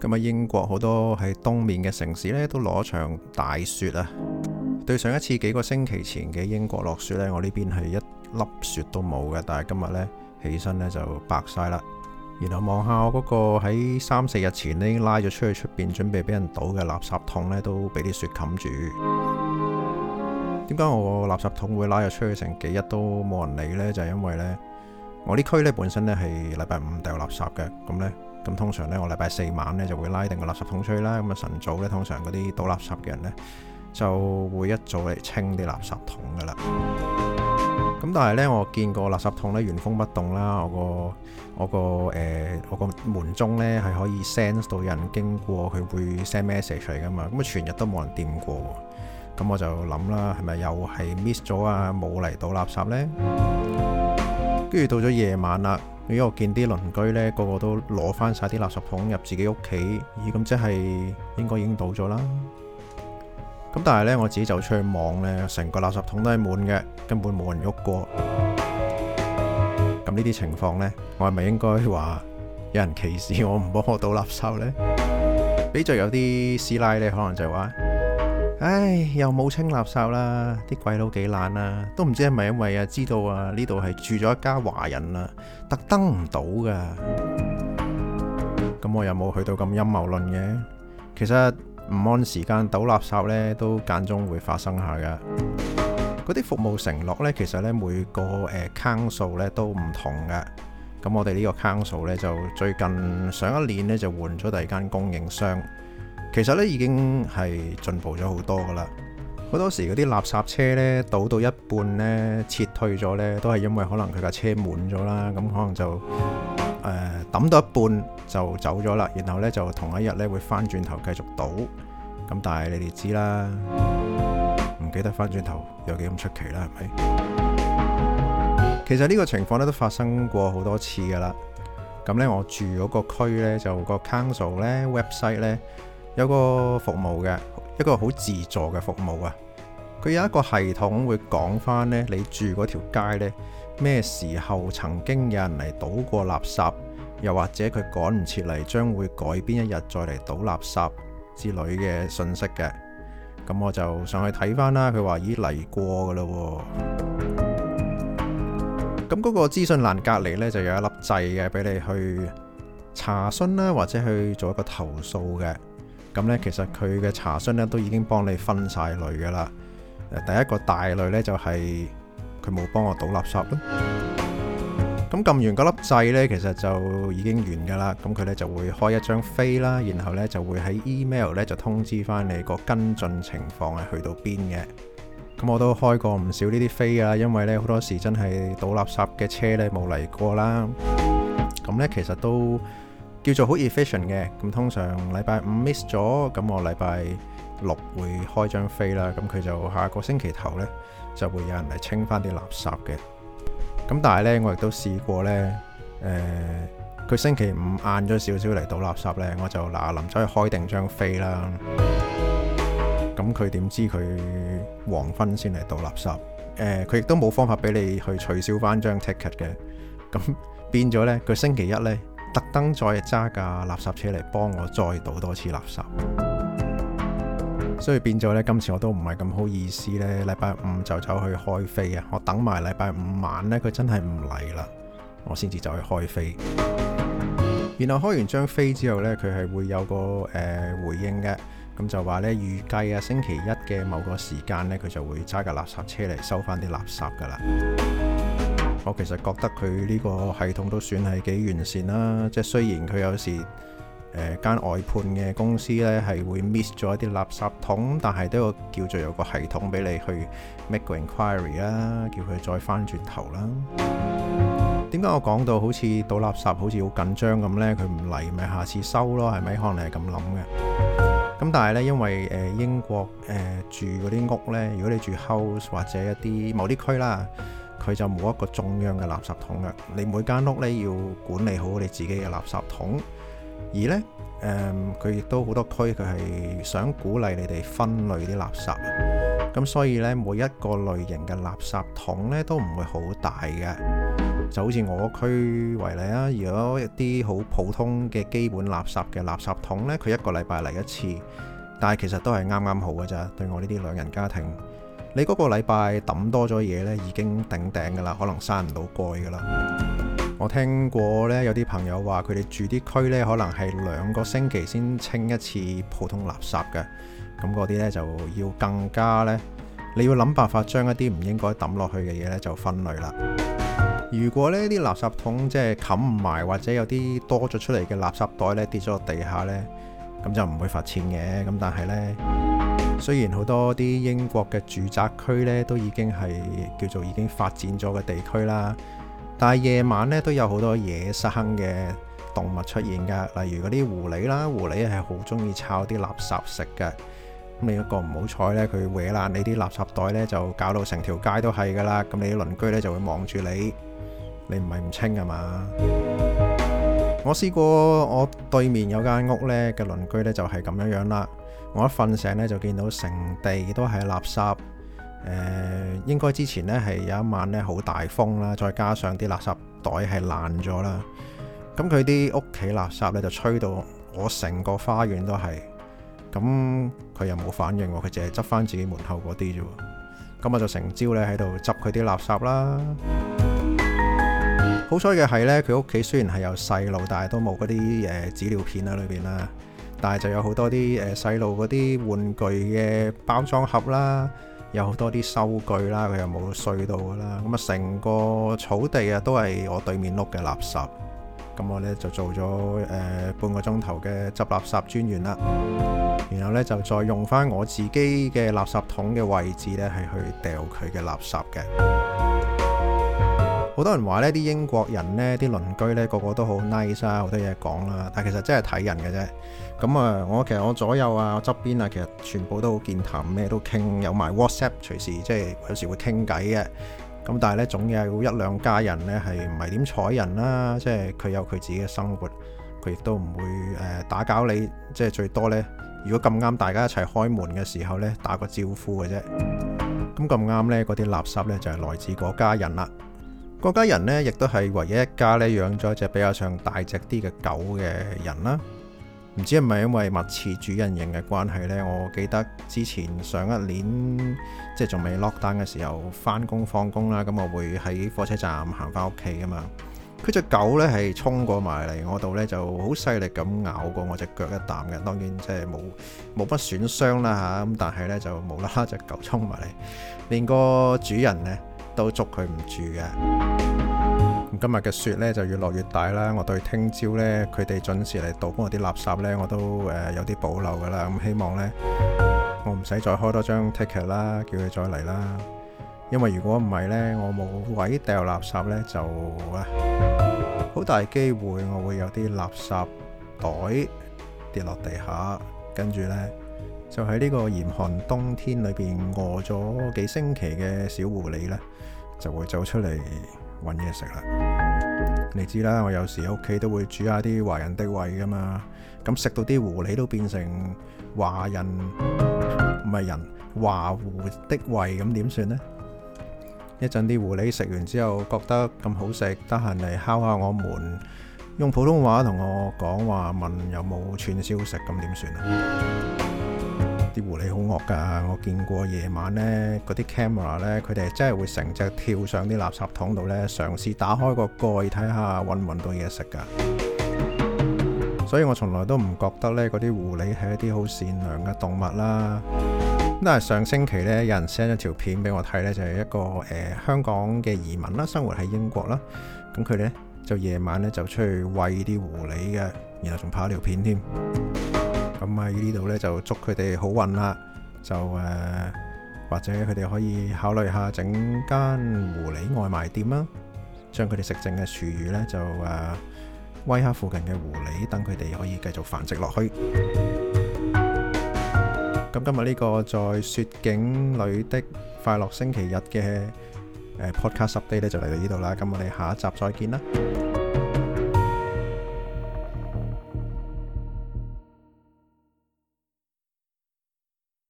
今日英國好多喺東面嘅城市呢，都攞場大雪啊！對上一次幾個星期前嘅英國落雪呢，我呢邊係一粒雪都冇嘅，但係今日呢，起身呢就白晒啦。然後望下我嗰個喺三四日前呢已經拉咗出去出邊準備俾人倒嘅垃圾桶呢，都俾啲雪冚住。點解我個垃圾桶會拉入出去成幾日都冇人理呢？就係、是、因為呢，我呢區呢本身呢係禮拜五掉垃圾嘅，咁呢咁通常呢，我禮拜四晚呢就會拉定個垃圾桶出去啦。咁啊晨早呢，通常嗰啲倒垃圾嘅人呢，就會一早嚟清啲垃圾桶噶啦。咁但係呢，我見個垃圾桶呢，原封不動啦，我個我個誒、呃、我個門鐘呢係可以 send 到有人經過他，佢會 send message 嚟噶嘛？咁啊全日都冇人掂過。咁我就諗啦，係咪又係 miss 咗啊？冇嚟倒垃圾呢？跟住到咗夜晚啦，如果我見啲鄰居呢，個個都攞翻晒啲垃圾桶入自己屋企，咦、呃？咁即係應該已經倒咗啦。咁但係呢，我自己走出去望呢，成個垃圾桶都係滿嘅，根本冇人喐過。咁呢啲情況呢，我係咪應該話有人歧視我唔幫我倒垃圾呢？比著有啲師奶呢，可能就話。唉，又冇清垃圾啦，啲鬼佬幾懶啊！都唔知係咪因為啊，知道啊呢度係住咗一家華人啦，特登唔到㗎。咁我又冇去到咁陰謀論嘅。其實唔按時間倒垃圾咧，都間中會發生下㗎。嗰啲服務承諾咧，其實咧每個誒 council 咧都唔同嘅。咁我哋呢個 council 咧，就最近上一年咧就換咗第二間供應商。其實咧已經係進步咗好多噶啦，好多時嗰啲垃圾車咧倒到一半咧撤退咗咧，都係因為可能佢架車滿咗啦，咁可能就誒抌、呃、到一半就走咗啦，然後咧就同一日咧會翻轉頭繼續倒。咁但係你哋知啦，唔記得翻轉頭有幾咁出奇啦，係咪？其實呢個情況咧都發生過好多次噶啦，咁咧我住嗰個區咧就個 council 咧 website 咧。有個服務嘅一個好自助嘅服務啊！佢有一個系統會講翻呢，你住嗰條街呢，咩時候曾經有人嚟倒過垃圾，又或者佢趕唔切嚟，將會改邊一日再嚟倒垃圾之類嘅信息嘅。咁我就上去睇翻啦。佢話：已經嚟過噶啦喎！咁嗰個資訊欄隔離呢，就有一粒掣嘅，俾你去查詢啦，或者去做一個投訴嘅。咁呢，其實佢嘅查詢呢都已經幫你分晒類噶啦。第一個大類呢，就係佢冇幫我倒垃圾咯。咁撳完嗰粒掣呢，其實就已經完噶啦。咁佢呢就會開一張飛啦，然後呢就會喺 email 呢就通知翻你個跟進情況係去到邊嘅。咁我都開過唔少呢啲飛啊，因為呢好多時真係倒垃圾嘅車呢冇嚟過啦。咁呢其實都～叫做好 efficient 嘅，咁通常禮拜五 miss 咗，咁我禮拜六會開張飛啦，咁佢就下個星期頭呢就會有人嚟清翻啲垃圾嘅。咁但係呢，我亦都試過呢，誒，佢星期五晏咗少少嚟倒垃圾呢，我就嗱臨走去開定張飛啦。咁佢點知佢黃昏先嚟倒垃圾。誒，佢亦都冇方法俾你去取消翻張 ticket 嘅。咁變咗呢，佢星期一呢。特登再揸架垃圾車嚟幫我再倒多次垃圾，所以變咗呢，今次我都唔係咁好意思呢，禮拜五就走去開飛啊。我等埋禮拜五晚呢，佢真係唔嚟啦，我先至走去開飛。然後開完張飛之後呢，佢係會有個誒回應嘅，咁就話呢，預計啊星期一嘅某個時間呢，佢就會揸架垃圾車嚟收返啲垃圾㗎啦。我其實覺得佢呢個系統都算係幾完善啦，即係雖然佢有時誒間、呃、外判嘅公司呢係會 miss 咗一啲垃圾桶，但係都要叫做有個系統俾你去 make inquiry 啦，叫佢再翻轉頭啦。點解我講到好似倒垃圾好似好緊張咁呢？佢唔嚟咪下次收咯，係咪？可能你係咁諗嘅。咁但係呢，因為誒、呃、英國誒、呃、住嗰啲屋呢，如果你住 house 或者一啲某啲區啦。佢就冇一個中央嘅垃圾桶嘅，你每間屋呢要管理好你自己嘅垃圾桶，而呢誒佢亦都好多區佢係想鼓勵你哋分類啲垃圾，咁所以呢每一個類型嘅垃圾桶呢都唔會好大嘅，就好似我區為例啊，如果一啲好普通嘅基本垃圾嘅垃圾桶呢，佢一個禮拜嚟一次，但係其實都係啱啱好嘅咋，對我呢啲兩人家庭。你嗰個禮拜抌多咗嘢呢已經頂頂㗎啦，可能閂唔到蓋㗎啦。我聽過呢，有啲朋友話佢哋住啲區呢，可能係兩個星期先清一次普通垃圾嘅，咁嗰啲呢，就要更加呢，你要諗辦法將一啲唔應該抌落去嘅嘢呢就分類啦。如果呢啲垃圾桶即係冚唔埋，或者有啲多咗出嚟嘅垃圾袋呢跌咗落地下呢，咁就唔會罰錢嘅。咁但係呢。雖然好多啲英國嘅住宅區呢都已經係叫做已經發展咗嘅地區啦，但係夜晚呢都有好多野生嘅動物出現噶，例如嗰啲狐狸啦，狐狸係好中意炒啲垃圾食噶。咁你一個唔好彩呢，佢搲爛你啲垃圾袋呢，就搞到成條街都係噶啦。咁你啲鄰居呢就會望住你，你唔係唔清係嘛？我試過，我對面有間屋呢嘅鄰居呢，就係咁樣樣啦。我一瞓醒咧，就見到成地都係垃圾。誒、呃，應該之前呢，係有一晚呢，好大風啦，再加上啲垃圾袋係爛咗啦。咁佢啲屋企垃圾呢，就吹到我成個花園都係。咁佢又冇反應喎，佢淨係執翻自己門口嗰啲啫。咁我就成朝呢，喺度執佢啲垃圾啦。好彩嘅係呢，佢屋企雖然係有細路，但係都冇嗰啲誒紙尿片喺裏邊啦。但係就有好多啲誒細路嗰啲玩具嘅包裝盒啦，有好多啲收據啦，佢又冇碎到噶啦。咁啊，成個草地啊都係我對面屋嘅垃圾。咁我呢，就做咗誒半個鐘頭嘅執垃圾專員啦。然後呢，就再用翻我自己嘅垃圾桶嘅位置呢，係去掉佢嘅垃圾嘅。好多人話呢啲英國人呢，啲鄰居呢個個都好 nice 啊，好多嘢講啦。但其實真係睇人嘅啫。咁啊，我其實我左右啊，我側邊啊，其實全部都好健談咩都傾，有埋 WhatsApp 隨時，即係有時會傾偈嘅。咁但係呢，總有一兩家人呢，係唔係點睬人啦，即係佢有佢自己嘅生活，佢亦都唔會誒打攪你。即係最多呢，如果咁啱大家一齊開門嘅時候呢，打個招呼嘅啫。咁咁啱呢，嗰啲垃圾呢，就係來自嗰家人啦。個家人呢，亦都係唯一一家呢養咗隻比較上大隻啲嘅狗嘅人啦。唔知係咪因為物似主人型嘅關係呢？我記得之前上一年即係仲未 lock down 嘅時候，翻工、放工啦，咁我會喺火車站行翻屋企㗎嘛。佢隻狗呢，係衝過埋嚟我度呢，就好犀利咁咬過我隻腳一啖嘅。當然即係冇冇乜損傷啦吓，咁但係呢，就無啦啦隻狗衝埋嚟，連個主人呢。都捉佢唔住嘅。咁今日嘅雪呢就越落越大啦。我對聽朝呢，佢哋準時嚟，倒啲垃圾呢，我都誒、呃、有啲保留噶啦。咁希望呢，我唔使再開多張 ticket 啦，叫佢再嚟啦。因為如果唔係呢，我冇位掉垃圾呢，就好大機會我會有啲垃圾袋跌落地下，跟住呢。就喺呢個嚴寒冬天裏邊餓咗幾星期嘅小狐狸呢，就會走出嚟揾嘢食啦。你知啦，我有時屋企都會煮下啲華人的胃㗎嘛。咁食到啲狐狸都變成華人唔係人華狐的胃，咁點算呢？一陣啲狐狸食完之後覺得咁好食，得閒嚟敲下我門，用普通話同我講話，問有冇串燒食，咁點算啊？啲狐狸好惡㗎，我見過夜晚呢嗰啲 camera 呢，佢哋真係會成隻跳上啲垃圾桶度呢，嘗試打開個蓋睇下，揾唔揾到嘢食㗎。所以我從來都唔覺得呢嗰啲狐狸係一啲好善良嘅動物啦。但係上星期呢，有人 send 咗條片俾我睇呢就係、是、一個誒、呃、香港嘅移民啦，生活喺英國啦，咁佢呢，就夜晚呢就出去餵啲狐狸嘅，然後仲拍咗條片添。咁喺呢度呢，就祝佢哋好運啦！就誒、呃，或者佢哋可以考慮下整間狐狸外賣店啦，將佢哋食剩嘅廚餘呢，就誒餵下附近嘅狐狸，等佢哋可以繼續繁殖落去。咁 今日呢個在雪景裏的快樂星期日嘅誒、呃、Podcast update 呢，就嚟到呢度啦。咁我哋下一集再見啦。